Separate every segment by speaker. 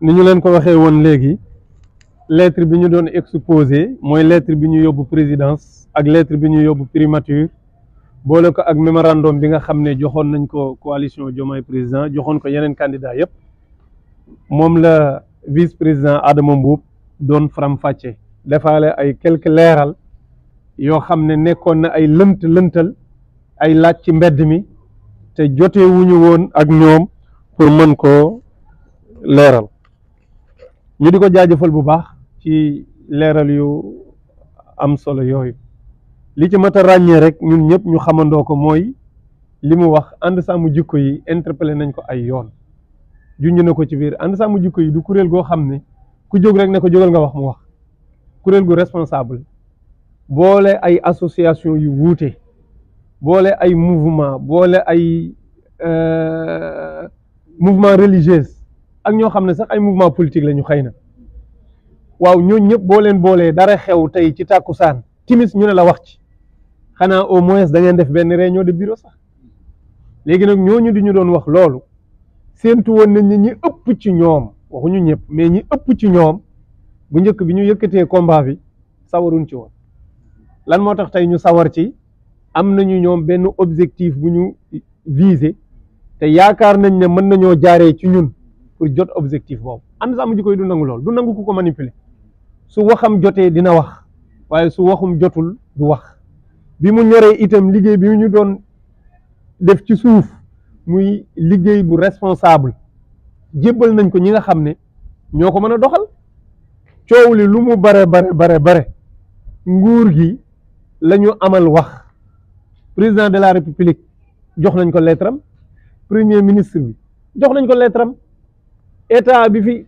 Speaker 1: ni ñu leen ko waxee woon léegi lettre bi ñu doon exposé mooy lettre bi ñu yóbbu présidence ak lettre bi ñu yóbbu primature boole ko ak mémorandum bi nga xam ne joxoon nañ ko coalition Diomaye président joxoon ko yeneen candidat yëpp moom la vice président Adama Mboup doon faram fàcce defaale ay quelques leeral yoo xam ne nekkoon na ay lënt lëntal ay laaj mbedd mi te jote wuñu woon ak ñoom pour mën koo leeral ñu di ko jaajëfal bu baax ci leeral yu am solo yooyu li ci mat a ràññee rek ñun ñëpp ñu xamandoo ko mooy li mu wax ànd sàmm jikko yi interpellé nañ ko ay yoon junj ne ko ci biir ànd mu jikko yi du kuréel goo xam ne ku jóg rek ne ko jógal nga wax mu wax kuréel gu responsable boole ay association yu wuute boole ay mouvement boole ay euh, mouvement religieuse ak ñoo xam ne sax ay mouvement politique la ñu xëy na waaw ñoo ñëpp boo leen boolee dara xew tey ci tàkku saan timis ñu ne la wax ci xanaa au moins da ngeen def benn réunion de bureau sax léegi nag ñooñu di ñu doon wax loolu séentu woon nañ ñi ñi ëpp ci ñoom waxuñu ñëpp mais ñi ëpp ci ñoom bu njëkk bi ñu yëkkatee komba bi sawaruñ ci woon lan moo tax tey ñu sawar ci am nañu ñoom benn objectif bu ñu viser te yaakaar nañ ne mën nañoo jaaree ci ñun pour jot objectif boobu ànd sàmm jikko yi du nangu lool du nangu ku ko manipuler su waxam jotee dina wax waaye su waxum jotul du wax bi mu ñoree itam liggéey bi ñu doon def ci suuf muy liggéey bu responsable jébbal nañ ko ñi nga xam ne ñoo ko mën a doxal coow li lu mu bare bare bare bare nguur gi lañu ñu amal wax président de la république jox nañ ko lettre premier ministre bi jox nañ ko lettre état bi fi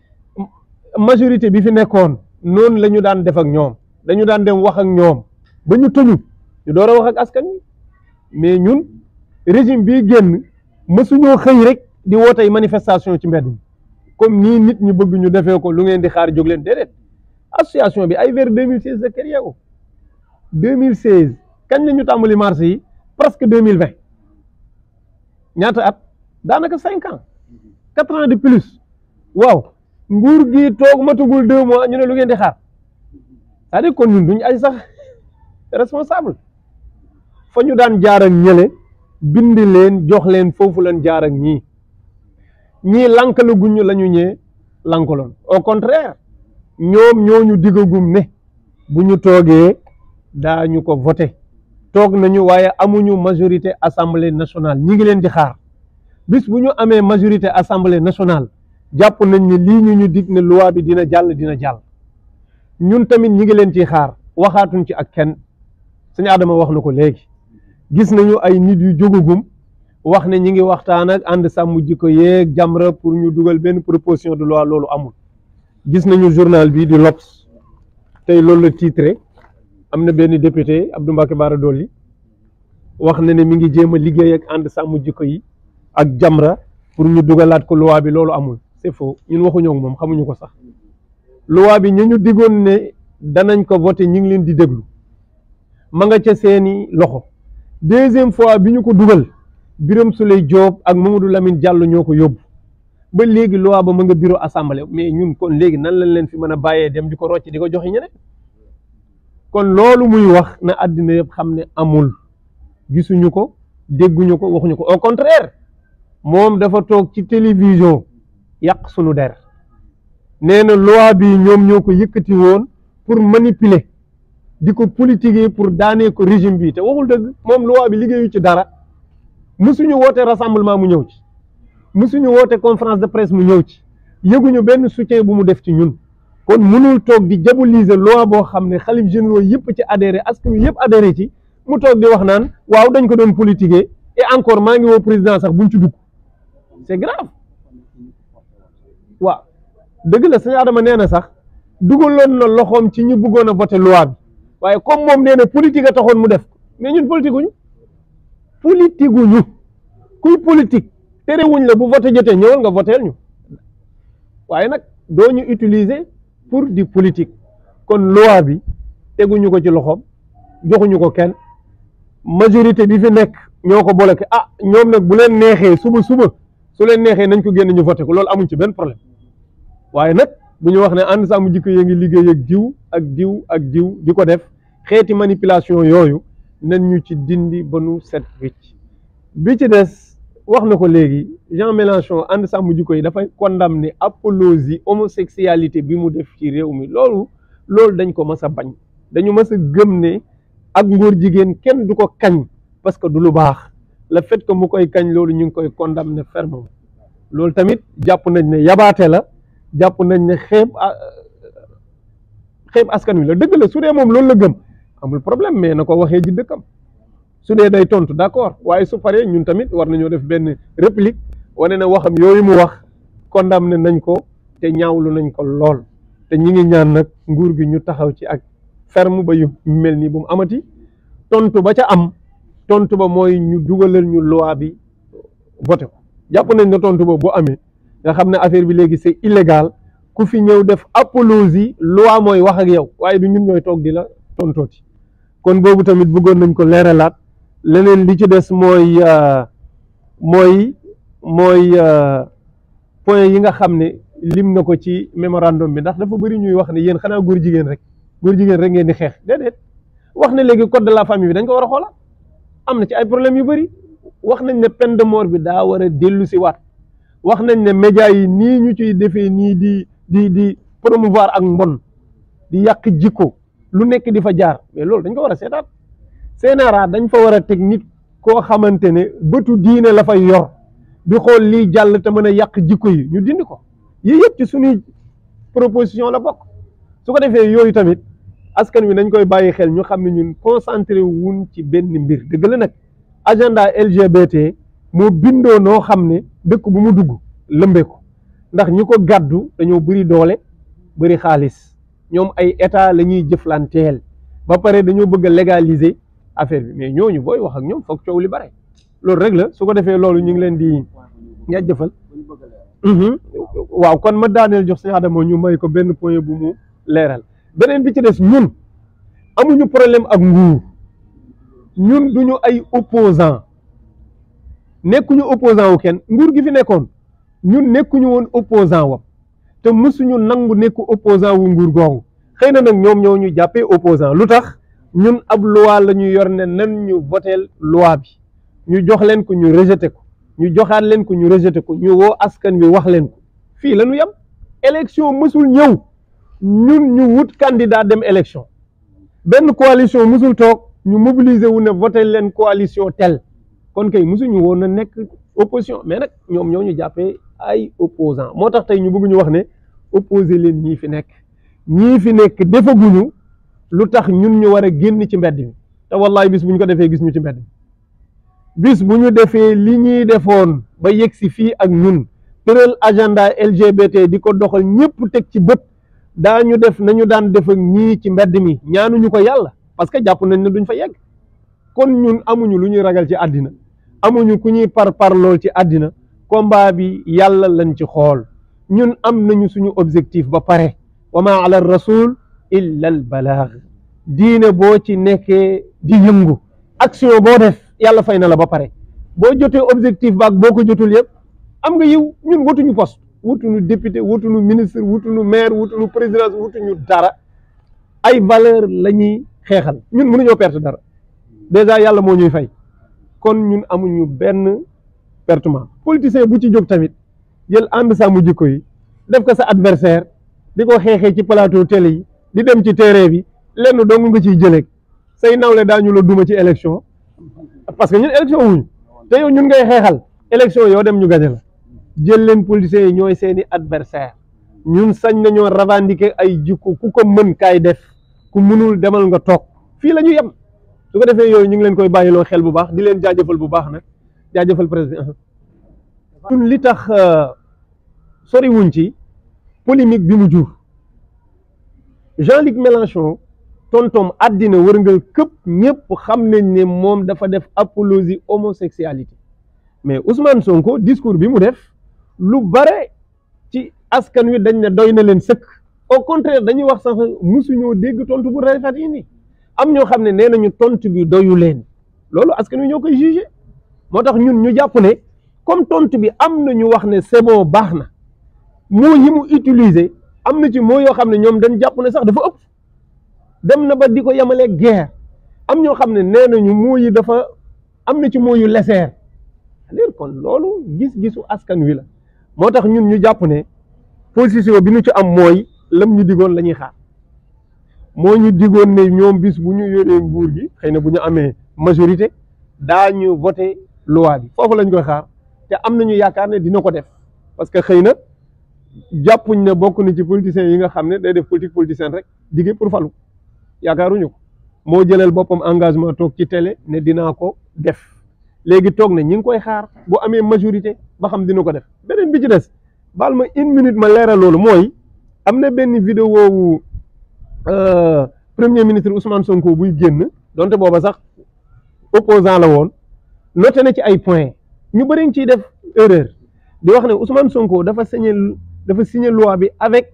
Speaker 1: majorité bi fi nekkoon noonu la ñu daan def ak ñoom dañu daan dem wax ak ñoom ba ñu tëñu ñu door a wax ak askan mais ñun régime bii génn mësuñoo xëy rek di wootey manifestation ci mbedd comme nii nit ñu bëgg ñu defee ko lu ngeen di xaar jóg leen déedéet association bi ay vers 2016 la créé ko 2016 kañ la ñu tàmbali marché yi presque 2020 ñaata at daanaka cinq ans plus waaw nguur gi toog matugul deux mois ñu ne lu ngeen di xaar c'est-à-dire kon ñun duñu ay sax responsable fa ñu daan jaar ak ñële bind leen jox leen foofu leen jaar ñii ñii lankala guñu la ñu ñëwee lankaloon au contraire ñoom ñooñu digagum ne bu ñu toogee daa ñu ko voté toog nañu waaye amuñu majorité assemblée nationale ñi ngi leen di xaar bis bu ñu amee majorité assemblée nationale jàpp nañ ne lii ñu ñu digg ne loi dina jàll dina jàll ñun tamit ñi ngi leen ci xaar waxaatuñ ci ak kenn sëñ Adama wax na ko léegi gis nañu ay nit yu jógagum wax na ñi ngi waxtaan ak ànd sàmm jikko yeeg Jamra pour ñu dugal benn proposition de loi loolu amul gis nañu journal bi di L'Obs tey loolu la titré am na benn député Abdou Mbacké Bara wax na ne mi ngi jéem a liggéey ak ànd sàmm jikko yi ak Jamra pour ñu dugalaat ko loi bi loolu amul c'est foo ñun waxuñoo moom xamuñu ko sax loi bi ñu ñu diggoon ne danañ ko voté ñu ngi leen di déglu ma nga ca seeni loxo deuxième fois bi ñu ko dugal biram Souleye Diop ak Mamadou Lamine Diallo ñoo ko yóbbu ba léegi loi ba ma nga bureau assemblée mais ñun kon léegi nan lañ leen fi mën a bàyyee dem di ko rocc di ko joxe ñeneen kon loolu muy wax na àddina yëpp xam ne amul gisuñu ko dégguñu ko waxuñu ko au contraire moom dafa toog ci télévision yàq sunu der nee na loi bi ñoom ñoo ko yëkkati woon pour manipuler di ko politiquer pour daanee ko régime bi te waxul dëgg moom loi bi liggéeyu ci dara musuñu woote rassemblement mu ñëw ci musuñu woote confrance de presse mu ñëw ci yëguñu benn soutien bu mu def ci ñun kon mënul toog di diaboliser loi boo xam ne xalif généraux yëpp ci adhéré askan wi yëpp adhéré ci mu toog di wax naan waaw dañ ko doon politiquer et encore maa ngi woo président sax buñ ci dugg c'est grave waaw dëgg la sëñ Adama nee na sax dugaloon na loxoom ci ñu buggoon a voté loi bi waaye comme moom nee na politique a taxoon mu def mais ñun politique guñu politique guñu kuy politique terewuñ la bu voté jotee ñëwal nga voteel ñu waaye nag doo ñu utiliser pour di politique kon loi bi teguñu ko ci loxoom joxuñu ko kenn majorité bi fi nekk ñoo ko bloqué ah ñoom nag bu leen neexee suba suba su leen neexee nañ ko génn ñu voté ko loolu amuñ ci benn problème. waaye nag bu ñu wax ne ànd sàmm jikko yee ngi liggéey ak jiw ak jiw ak diw di ko def xeeti manipulation yooyu nan ñu ci dindi ba nu set wicc bi ci des wax na ko léegi Jean Mélenchon ànd sàmm jikko yi dafay condamné apologie homosexualité bi mu def ci réew mi loolu loolu dañ ko mas a bañ dañu mas a gëm ne ak ngóor jigéen kenn du ko kañ parce que du lu baax le fait que mu koy kañ loolu ñu ngi koy condamné fermement loolu tamit jàpp nañ ne yabaate la jàpp nañ ne xeeb xeeb askan wi la dëgg la su dee moom loolu la gëm amul problème mais na ko waxee ji dëkkam su dee day tontu d'accord waaye su paree ñun tamit war nañoo def benn réplique wane ne waxam yooyu mu wax condamné nañ ko te ñaawlu nañ ko lool te ñi ngi ñaan nag nguur gi ñu taxaw ci ak ferme ba yu mel nii bu mu amati tontu ba ca am tontu ba mooy ñu dugalal ñu loi bi voté ko jàpp nañ ne tontu ba bu amee. nga xam ne affaire bi léegi c'est illégal ku fi ñëw def apologie loi mooy wax ak yow waaye du ñun ñooy toog di la ton tontooti kon boobu tamit bëggoon nañ ko leeralaat leneen li ci des mooy euh, mooy mooy euh, point yi nga xam ne lim na ko ci mémorandum bi ndax dafa bëri ñuy wax ne yéen xanaa góor jigéen rek góor jigéen rek ngeen di xeex déedéet wax na léegi code de la famille bi dañ ko war a xoola am na ci ay problème yu bëri wax nañ ne peine de mort bi daa war a dellu si wax nañ ne médias yi nii ñu ciy defee nii di di di promouvoir ak mbon di yàq jikko lu nekk di fa jaar mais loolu dañ ko war a seetaat CNRA dañ fa war a teg koo xamante ne bëtu diine la fay yor di xool lii jàll te mën a yàq jikko yi ñu dindi ko yi yëpp ci suñuy proposition la bokk su ko defee yooyu tamit askan wi dañ koy bàyyi xel ñu xam ne ñun concentré wuñ ci benn mbir dëgg la nag agenda LGBT moo bindoo noo xam ne dëkk bu mu dugg lëmbee ko ndax ñi ko gàddu dañoo bëri doole bëri xaalis ñoom ay état la ñuy jëflanteel ba pare dañoo bëgg a légaliser affaire bi mais ñooñu booy wax ak ñoom foog coow li bare loolu rek la su ko defee loolu ñu ngi leen di ña jëfal mhm. waaw kon ma daaneel jox si sëñ Adama ñu may ko benn point bu mu leeral beneen bi ci des ñun amuñu problème ak nguur ñun ñu ay opposant nekkuñu opposant wu kenn nguur gi fi nekkoon ñun nekkuñu woon opposant wam te mësuñu nangu nekku opposant wu nguur googu xëy na nag ñoom ñoo ñu jàppee opposant lu tax ñun ab loi la ñu yor ne nan ñu voteel loi bi ñu jox leen ko ñu rejeté ko ñu joxaat leen ko ñu rejeté ko ñu woo askan wi wax leen ko fii la ñu yem élection mësul ñëw ñun ñu wut candidat dem élection benn coalition mësul toog ñu mobiliser wu ne voté leen coalition tel kon kay mosuñu woon na nekk opposition mais nag ñoom ñoo ñu jàppee ay opposant moo tax tey ñu bëgg ñu wax ne opposé leen ñii fi nekk ñii fi nekk defaguñu lu tax ñun ñu war a génn ci mbedd mi te wallaay bis bu ñu ko defee gis ñu ci mbedd mi bis bu ñu defee li ñuy defoon ba yegg si fii ak ñun tëral agenda LGBT di ko doxal ñëpp teg ci bët ñu def nañu daan def ak ñii ci mbedd mi ñaanuñu ko yàlla parce que jàpp nañ ne duñ fa yegg kon ñun amuñu lu ñuy ragal ci àddina amuñu ku ñuy par parlool ci àddina combat bi yàlla lañ ci xool ñun am nañu suñu objectif ba pare wa ma ala rasul illa al diine boo ci nekkee di yëngu action boo def yàlla fay na la ba pare boo jotee objectif baag boo ko jotul yëpp am nga yiw ñun wutuñu post wutuñu député wutuñu ministre wutuñu maire wutuñu présidence wutuñu dara ay valeur la ñuy xeexal ñun mënuñoo perte dara déjà yàlla moo ñuy fay kon ñun amuñu benn pertement politicien bu ci jóg tamit jël ànd sàmm jikko yi def ko sa adversaire di ko xeexee ci plateau télé yi di dem ci terrain bi lenn dong nga ciy jëlee say nawle ñu la duma ci élection parce que ñun élection wuñu te yow ñun ngay xeexal élection yow dem ñu gañe la jël leen politiciens yi ñooy seeni adversaire ñun sañ nañoo revendiquer ay jikko ku ko mën kaay def ku mënul demal nga toog fii la su ko defee yooyu ñu ngi leen koy bàyyiloo xel bu baax di leen jaajëfal bu baax nag jaajëfal président ñun li tax euh, sori wuñ ci polémique bi mu jur Jean-Luc Mélenchon tontoom war nga këpp ñëpp xam nañ ne moom dafa def apologie homosexualité mais Ousmane Sonko discours bi mu def lu bare ci askan wi dañ ne doy na leen sëkk au contraire dañuy wax sax musuñoo dégg tontu bu rafet yi ni am ñoo xam ne nee nañu tontu bi doyu leen loolu askan wi ñoo koy jugé moo tax ñun ñu jàpp ne comme tontu bi am na ñu wax ne c'est bon baax na moo yi mu utiliser am na ci moo yoo xam ne ñoom dañ jàpp ne sax dafa ëpp dem na ba di ko yemalee guerre am ñoo xam ne nee nañu moo yi dafa am na ci moo yu leseer cest kon loolu gis-gisu askan wi la moo tax ñun ñu jàpp ne position bi ñu ci am mooy lam ñu digoon la ñuy xaar. moo ñu digoon ne ñoom bis bu ñu yoree nguur gi xëy na bu ñu amee majorité daañu voté loi bi foofu lañ koy xaar te am nañu yaakaar ne dina ko def parce que xëy na jàppuñ ne bokk na ci politiciens yi nga xam ne day def politique politicienne rek digge pour falu yaakaaruñu ko moo jëlal boppam engagement toog ci télé ne dinaa ko def léegi toog ne ñi ngi koy xaar bu amee majorité ba xam dina ko def beneen bi ci des baal ma une minute ma leera loolu mooy am na benn vidéo wu Euh, premier ministre Ousmane Sonko buy génn donte booba sax opposant la woon noté na ci ay points ñu bëriñ ciy def erreur di wax ne Ousmane Sonko dafa signé dafa signé loi bi avec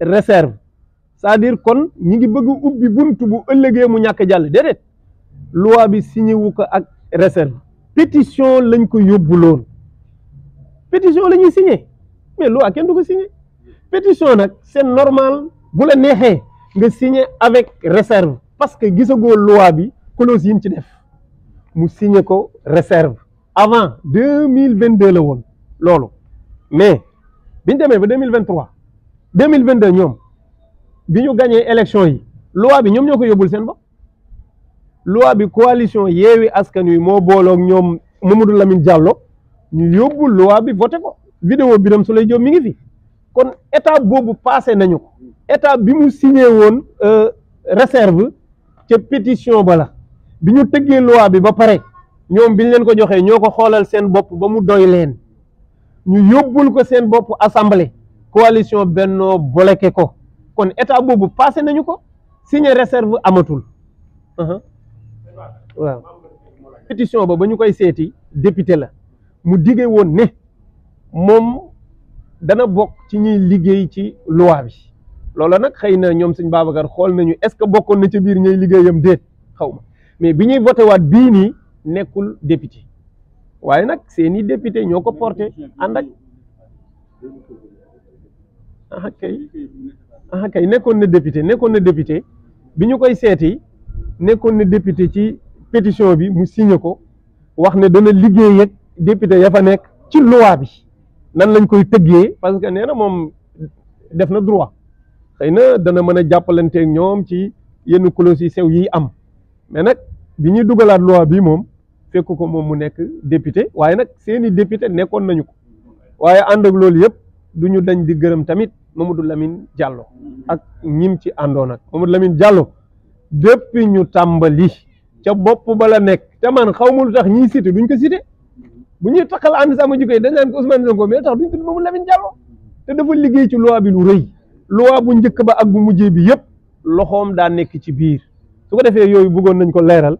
Speaker 1: réserve c'est-à-dire kon ñi ngi bëgg ubbi bunt bu ëllëgee mu ñàkk jàll déedéet loi bi signé ko ak réserve petition lañ ko yóbbuloon pétition la ñuy signé mais loi kenn du ko signé pétition nag seen normal bu la neexee nga signé avec réserve parce que gisagoo loi bi clause yi mu ci def mu signé ko réserve avant deux mille vingt deux la woon loolu mais bi ñu demee ba deux mille vingt deux mille vingt deux ñoom bi ñu gañee élection yi loi bi ñoom ñoo ko yóbbul seen bopp loi bi coalition Yewwi Askan Wi moo boolook ñoom Mamadou Lamine Diallo ñu yóbbul loi bi voté ko vidéo Birame Souleye Diop mi ngi fi kon état boobu passé nañu ko état bi mu signé woon euh, réserve ca pétition ba la bi ñu tëggee loi bi ba pare ñoom bi leen ko joxee ñoo ko xoolal seen bopp ba mu doy leen ñu yóbbul ko seen bopp assemblée coalition Benno boleke ko kon état boobu passé nañu ko signé réserve amatul uh-huh. waaw pétition ba ba ñu koy seeti député la mu diggee woon ne moom dana bokk ci ñuy liggéey ci loi bi loola nag xëy na ñoom sëñ Babacar xool nañu est-ce que bokkoon na ci biir ñuy liggéeyam déet xaw ma mais bi ñuy voté waat bii nii nekkul député waaye nag seeni député ñoo ko porté ànd ak ah kay ah kay nekkoon na député nekkoon na député bi ñu koy seeti nekkoon na député ci pétition bi mu signé ko wax ne dana liggéey ak député ya fa nekk ci loi bi. nan lañ koy tëggee parce que nee na moom def na droit xëy na dana mën a jàppalanteeg ñoom ci yenn clause yi sew yi am mais nag bi ñuy dugalaat loi bii moom fekk ko moom mu nekk député waaye nag seeni député nekkoon nañu ko waaye ànd ak loolu yëpp du ñu dañ di gërëm tamit ma du Lamine jàlloo ak ñim ci àndoon ak Mamadou Lamine Diallo depuis ñu tàmbali ca bopp ba la nekk te man xaw ma lu tax ñiy cité ñu ko cité. bu ñuy takkal ànd sama jikko yi dañ naan ko Ousmane Sonko mais tax duñ tudd Mamadou Lamine Diallo te dafa liggéey ci loi bi lu rëy loi bu njëkk ba ak bu mujjee bi yëpp loxoom daa nekk ci biir su ko defee yooyu bëggoon nañ ko leeral